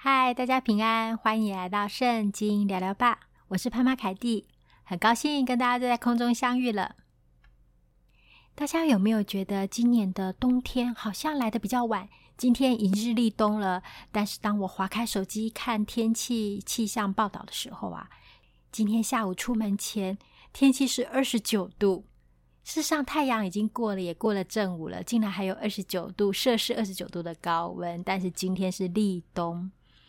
嗨，Hi, 大家平安，歡迎來到聖經聊聊吧。我是潘媽凱蒂，很高興跟大家在空中相遇了。大家有沒有覺得今年的冬天好像來得比較晚？今天已經是立冬了，但是當我滑開手機看天氣氣象報道的時候啊，今天下午出門前天氣是二十九度。事實上，太陽已經過了，也過了正午了，竟然還有二十九度攝氏二十九度的高溫。但是今天是立冬。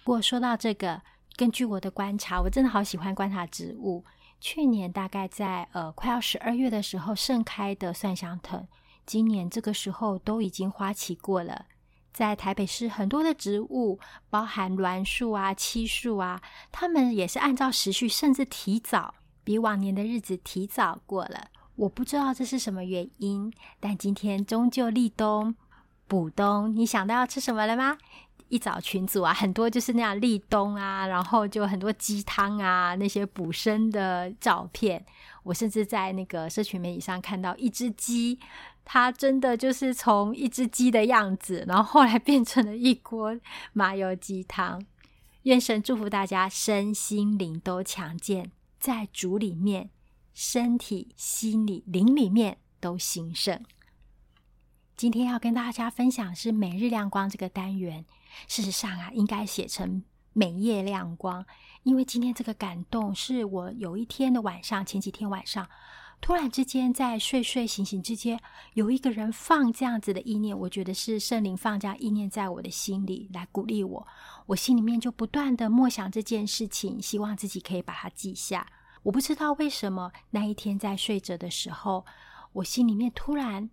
不過說到這個，根據我的觀察，我真的好喜歡觀察植物。去年大概在呃快要十二月的時候盛開的蒜香藤，今年這個時候都已經花期過了。在台北市很多的植物，包含欒樹啊、漆樹啊，它們也是按照時序，甚至提早，比往年的日子提早過了。我不知道這是什麼原因，但今天終究立冬補冬，你想到要吃什麼了嗎？一早群組啊，很多就是那樣立冬啊，然後就很多雞湯啊，那些補身的照片。我甚至在那個社群媒體上看到，一隻雞，它真的就是從一隻雞的樣子，然後後來變成了一鍋麻油雞湯。願神祝福大家身心靈都強健，在主裡面，身體、心裡、靈裡面都興盛。今天要跟大家分享是，每日亮光這個單元。事實上啊，應該寫成每夜亮光，因為今天這個感動是我有一天的晚上，前幾天晚上，突然之間在睡睡醒醒之間，有一個人放這樣子的意念，我覺得是聖靈放這樣意念在我的心裡來鼓勵我，我心裡面就不斷的默想這件事情，希望自己可以把它記下。我不知道為什麼那一天在睡着的時候，我心裡面突然。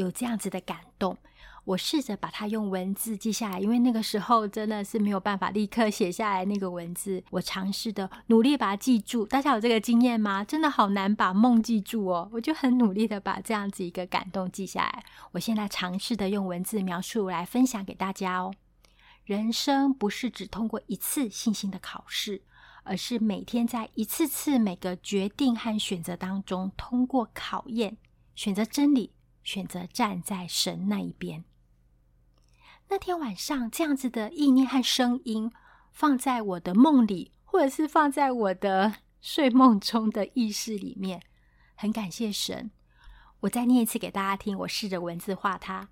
有這樣子的感動，我試着把它用文字記下來，因為那個時候真的是沒有辦法立刻寫下來那個文字。我嘗試的努力把它記住，大家有這個經驗嗎？真的好難把夢記住哦。我就很努力的把這樣子一個感動記下來。我現在嘗試的用文字描述來分享給大家哦。人生不是只通過一次信心的考試，而是每天在一次次每個決定和選擇當中通過考驗，選擇真理。選擇站在神那一邊。那天晚上，這樣子的意念和聲音，放在我的夢裡，或者是放在我的睡夢中的意識裡面。很感謝神，我再念一次給大家聽。我試着文字化它：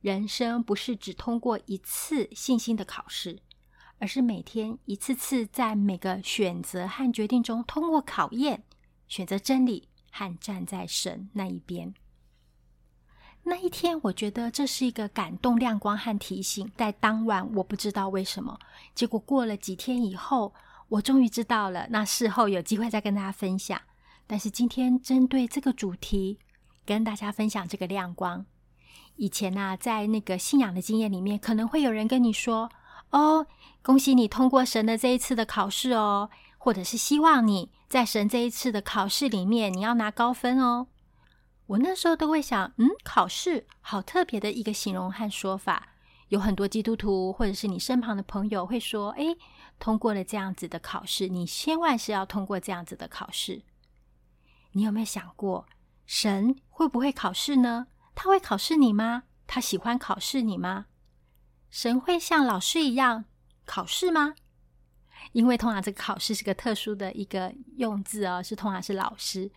人生不是只通過一次信心的考試，而是每天一次次在每個選擇和決定中通過考驗，選擇真理和站在神那一邊。那一天，我覺得這是一個感動亮光和提醒。在當晚，我不知道為什麼。結果過了幾天以後，我終於知道了。那事後有機會再跟大家分享。但是今天針對這個主題，跟大家分享這個亮光。以前啊，在那個信仰的經驗裡面，可能會有人跟你說：“哦，恭喜你通過神的這一次的考試哦，或者是希望你在神這一次的考試裡面，你要拿高分哦。”我那時候都會想，嗯，考試好特別的一個形容和說法。有很多基督徒或者是你身旁的朋友會說：“哎，通過了這樣子的考試，你千萬是要通過這樣子的考試。”你有沒有想過，神會不會考試呢？他會考試你嗎？他喜歡考試你嗎？神會像老師一樣考試嗎？因為通常這個考試是個特殊的一個用字哦，是通常是老師。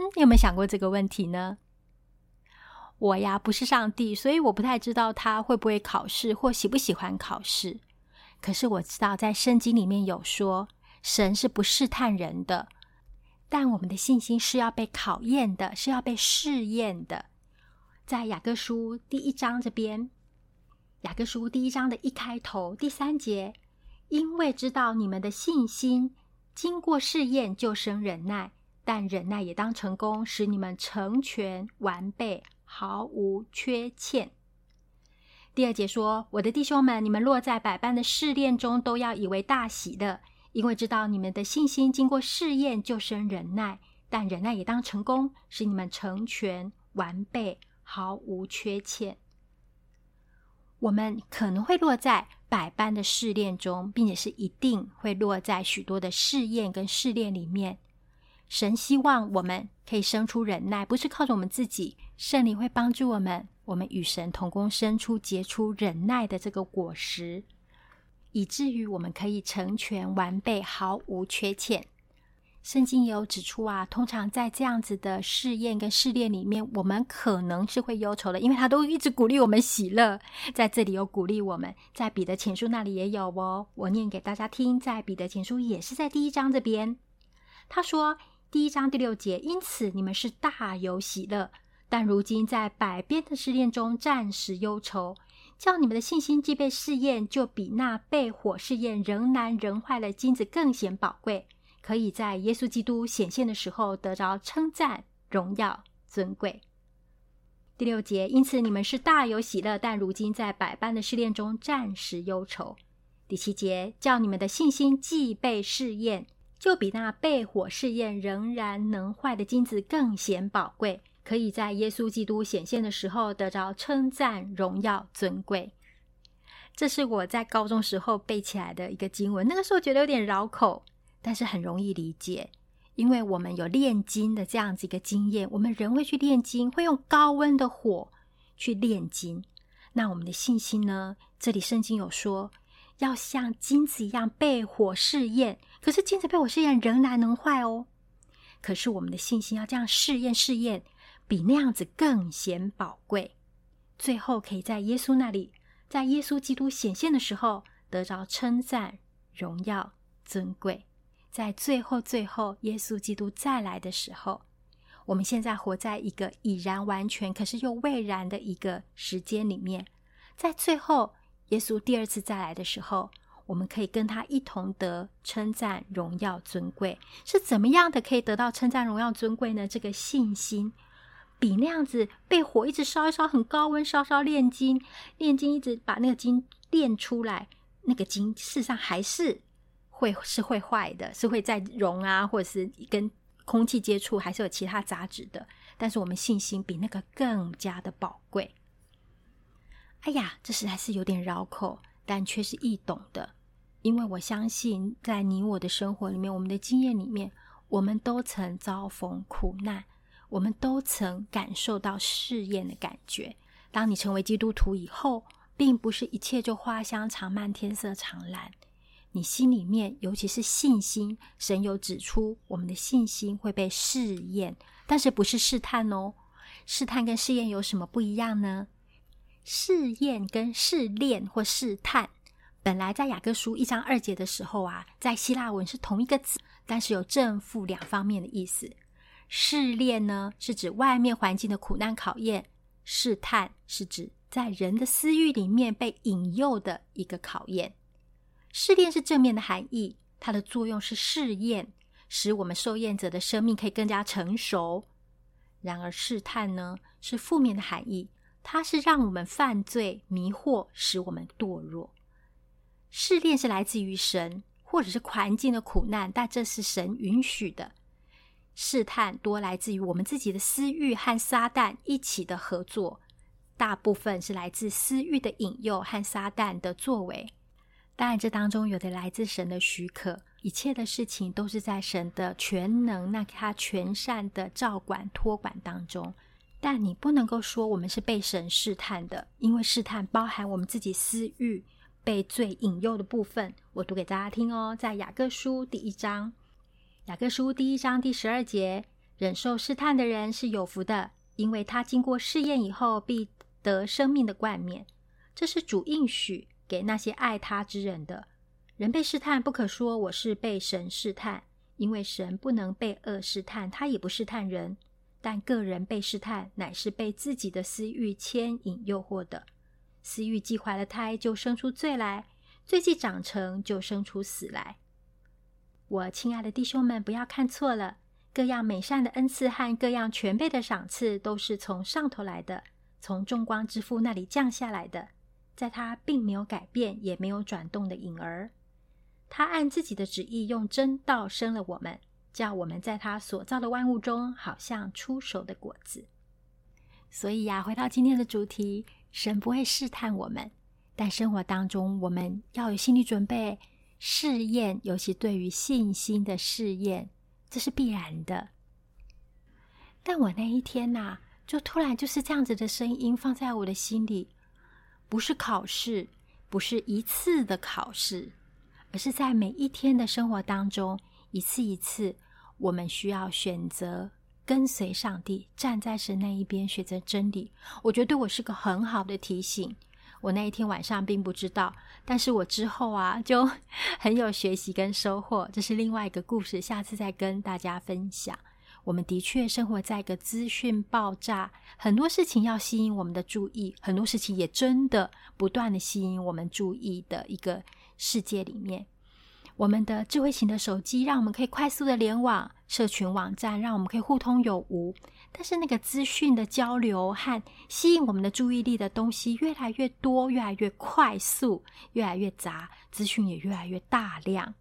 嗯，你有沒有想過這個問題呢？我呀不是上帝，所以我不太知道他會不會考試或喜不喜歡考試。可是我知道在，在聖經裡面有說，神是不試探人的，但我們的信心是要被考驗的，是要被試驗的。在雅各書第一章這邊，雅各書第一章的一開頭第三節，因為知道你們的信心經過試驗，就生忍耐。但忍耐也當成功，使你們成全完備，毫無缺欠。第二節說：“我的弟兄們，你們落在百般的試煉中，都要以為大喜的，因為知道你們的信心經過試驗，就生忍耐。但忍耐也當成功，使你們成全完備，毫無缺欠。”我們可能會落在百般的試煉中，並且是一定會落在許多的試驗跟試煉裡面。神希望我們可以生出忍耐，不是靠着我們自己，聖靈會幫助我們，我們與神同工，生出結出忍耐的這個果實，以至於我們可以成全完備，毫無缺欠。聖經也有指出啊，通常在這樣子的試驗跟試煉裡面，我們可能是會憂愁的，因為他都一直鼓勵我們喜樂，在這裡有鼓勵我們，在彼得前書那裡也有哦，我念給大家聽，在彼得前書也是在第一章這邊，他說。第一章第六節，因此你們是大有喜樂，但如今在百般的試煉中暫時憂愁，叫你們的信心既被試驗，就比那被火試驗仍然能壞的金子更顯寶貴，可以在耶穌基督顯現的時候得着稱讚、榮耀、尊貴。第六節，因此你們是大有喜樂，但如今在百般的試煉中暫時憂愁。第七節，叫你們的信心既被試驗。就比那被火試驗仍然能壞的金子更顯寶貴，可以在耶穌基督顯現的時候得着稱讚、榮耀、尊貴。這是我在高中時候背起來的一個經文，那個時候覺得有點繞口，但是很容易理解，因為我們有煉金的這樣子一個經驗，我們人會去煉金，會用高溫的火去煉金。那我們的信心呢？這裡聖經有說。要像金子一樣被火試驗，可是金子被火試驗仍然能壞哦。可是我們的信心要這樣試驗試驗，比那樣子更顯寶貴。最後可以在耶穌那裡，在耶穌基督顯現的時候，得着稱讚、榮耀、尊貴。在最後最後，耶穌基督再來的時候，我們現在活在一個已然完全，可是又未然的一個時間裡面，在最後。耶穌第二次再來的時候，我們可以跟他一同得稱讚、榮耀、尊貴。是怎麼樣的可以得到稱讚、榮耀、尊貴呢？這個信心，比那樣子被火一直燒一燒，很高溫燒燒煉金，煉金一直把那個金煉出來，那個金事實上還是會是會壞的，是會在熔啊，或者是跟空氣接觸，還是有其他雜質的。但是我們信心比那個更加的寶貴。哎呀，這實在是有點繞口，但卻是易懂的。因為我相信，在你我的生活裡面，我們的經驗裡面，我們都曾遭逢苦難，我們都曾感受到試驗的感覺。當你成為基督徒以後，並不是一切就花香常漫、天色常藍。你心裡面，尤其是信心，神有指出，我們的信心會被試驗，但是不是試探哦？試探跟試驗有什麼不一樣呢？試驗跟試煉或試探，本來在雅各書一章二節的時候啊，在希臘文是同一個字，但是有正負兩方面的意思。試煉呢，是指外面環境的苦難考驗；試探是指在人的私慾裡面被引誘的一個考驗。試煉是正面的含義，它的作用是試驗，使我們受驗者的生命可以更加成熟。然而，試探呢，是負面的含義。它是讓我們犯罪、迷惑，使我們墮落。試煉是來自於神，或者是環境的苦難，但這是神允許的。試探多來自於我們自己的私欲和撒旦一起的合作，大部分是來自私欲的引誘和撒旦的作為。當然，這當中有的來自神的許可。一切的事情都是在神的全能、那給他全善的照管、托管當中。但你不能夠說我們是被神試探的，因為試探包含我們自己私欲被罪引誘的部分。我讀給大家聽哦，在雅各書第一章，雅各書第一章第十二節：忍受試探的人是有福的，因為他經過試驗以後必得生命的冠冕。這是主應許給那些愛他之人的。人被試探，不可說我是被神試探，因為神不能被惡試探，他也不試探人。但各人被試探，乃是被自己的私欲牽引誘惑的。私欲既懷了胎，就生出罪來；罪既長成，就生出死來。我親愛的弟兄們，不要看錯了。各樣美善的恩賜和各樣全備的賞賜，都是從上頭來的，從眾光之父那裡降下來的，在他並沒有改變，也沒有轉動的影兒。他按自己的旨意，用真道生了我們。叫我們在他所造的萬物中，好像初熟的果子。所以呀，回到今天的主題，神不會試探我們，但生活當中我們要有心理準備，試驗，尤其對於信心的試驗，這是必然的。但我那一天吶，就突然就是這樣子的聲音放在我的心裡，不是考試，不是一次的考試，而是在每一天的生活當中。一次一次，我們需要選擇跟隨上帝，站在神那一邊，選擇真理。我覺得對我是個很好的提醒。我那一天晚上並不知道，但是我之後啊，就很有學習跟收穫。這是另外一個故事，下次再跟大家分享。我們的確生活在一個資訊爆炸，很多事情要吸引我們的注意，很多事情也真的不斷的吸引我們注意的一個世界裡面。我們的智慧型的手機，讓我們可以快速的聯網、社群網站，讓我們可以互通有無。但是，那個資訊的交流和吸引我們的注意力的東西越來越多，越來越快速，越來越雜，資訊也越來越大量。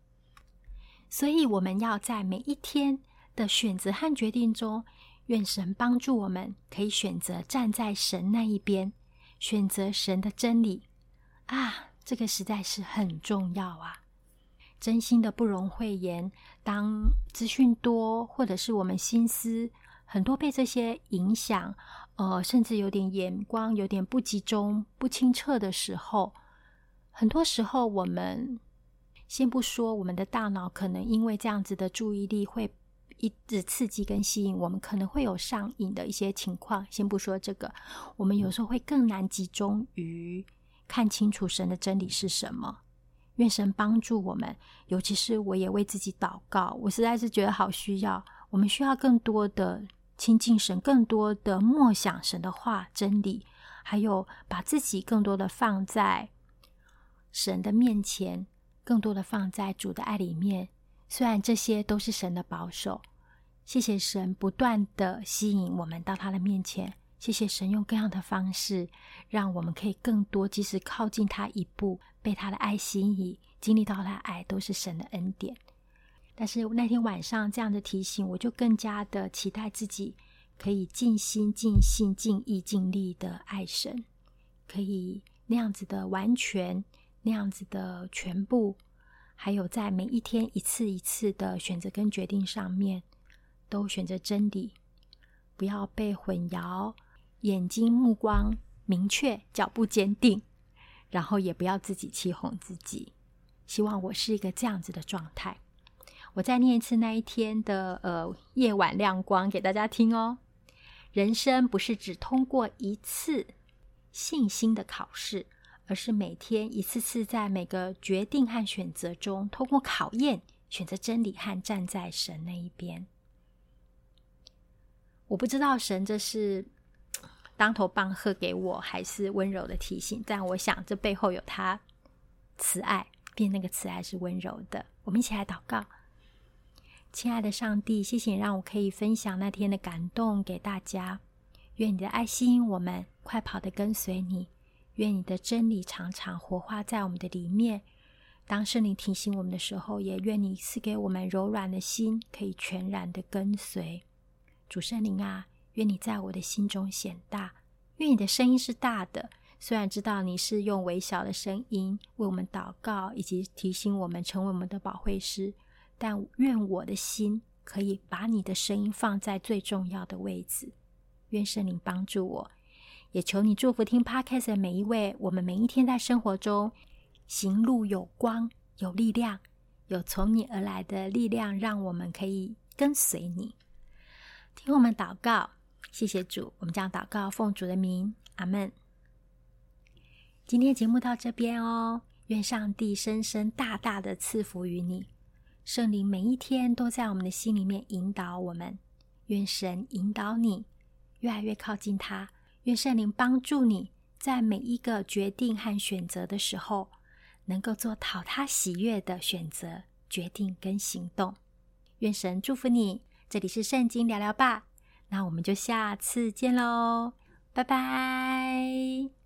所以，我們要在每一天的選擇和決定中，願神幫助我們，可以選擇站在神那一邊，選擇神的真理啊！這個實在是很重要啊！真心的不容諱言。當資訊多，或者是我們心思很多被這些影響，呃，甚至有點眼光有點不集中、不清澈的時候，很多時候我們先不說我們的大腦可能因為這樣子的注意力會一直刺激跟吸引，我們可能會有上癮的一些情況。先不說這個，我們有時候會更難集中於看清楚神的真理是什麼。願神幫助我們，尤其是我也為自己禱告。我實在是覺得好需要，我們需要更多的親近神，更多的默想神的話、真理，還有把自己更多的放在神的面前，更多的放在主的愛裡面。雖然這些都是神的保守，謝謝神不斷的吸引我們到他的面前。謝謝神用各樣的方式，讓我們可以更多，即使靠近他一步，被他的愛吸引，經歷到他的愛，都是神的恩典。但是那天晚上這樣的提醒，我就更加的期待自己可以盡心盡性、盡意盡力的愛神，可以那樣子的完全，那樣子的全部，還有在每一天一次一次的選擇跟決定上面，都選擇真理，不要被混淆。眼睛目光明確，腳步堅定，然後也不要自己欺哄自己。希望我是一個這樣子的狀態。我再念一次那一天的呃夜晚亮光給大家聽哦。人生不是只通過一次信心的考試，而是每天一次次在每個決定和選擇中通過考驗，選擇真理和站在神那一邊。我不知道神這是。當頭棒喝給我，還是溫柔的提醒？但我想，這背後有他慈愛，並且那個慈愛是溫柔的。我們一起來禱告：親愛的上帝，謝謝你讓我可以分享那天的感動給大家。願你的愛吸引，我們快跑的跟隨你；願你的真理常常活化在我們的裡面。當聖靈提醒我們的時候，也願你賜給我們柔軟的心，可以全然的跟隨主聖靈啊。願你在我的心中顯大，願你的聲音是大的。雖然知道你是用微小的聲音為我們禱告，以及提醒我們成為我們的保惠師，但願我的心可以把你的聲音放在最重要的位置。願聖靈幫助我，也求你祝福聽 Podcast 的每一位。我們每一天在生活中行路有光、有力量、有從你而來的力量，讓我們可以跟隨你。聽我們禱告。謝謝主，我們將禱告，奉主的名，阿門。今天節目到這邊哦，願上帝深深大大的賜福於你，聖靈每一天都在我們的心裡面引導我們，願神引導你越來越靠近他，願聖靈幫助你在每一個決定和選擇的時候，能夠做討他喜悅的選擇、決定跟行動，願神祝福你。這裡是聖經聊聊吧。那我們就下次見嘍，拜拜！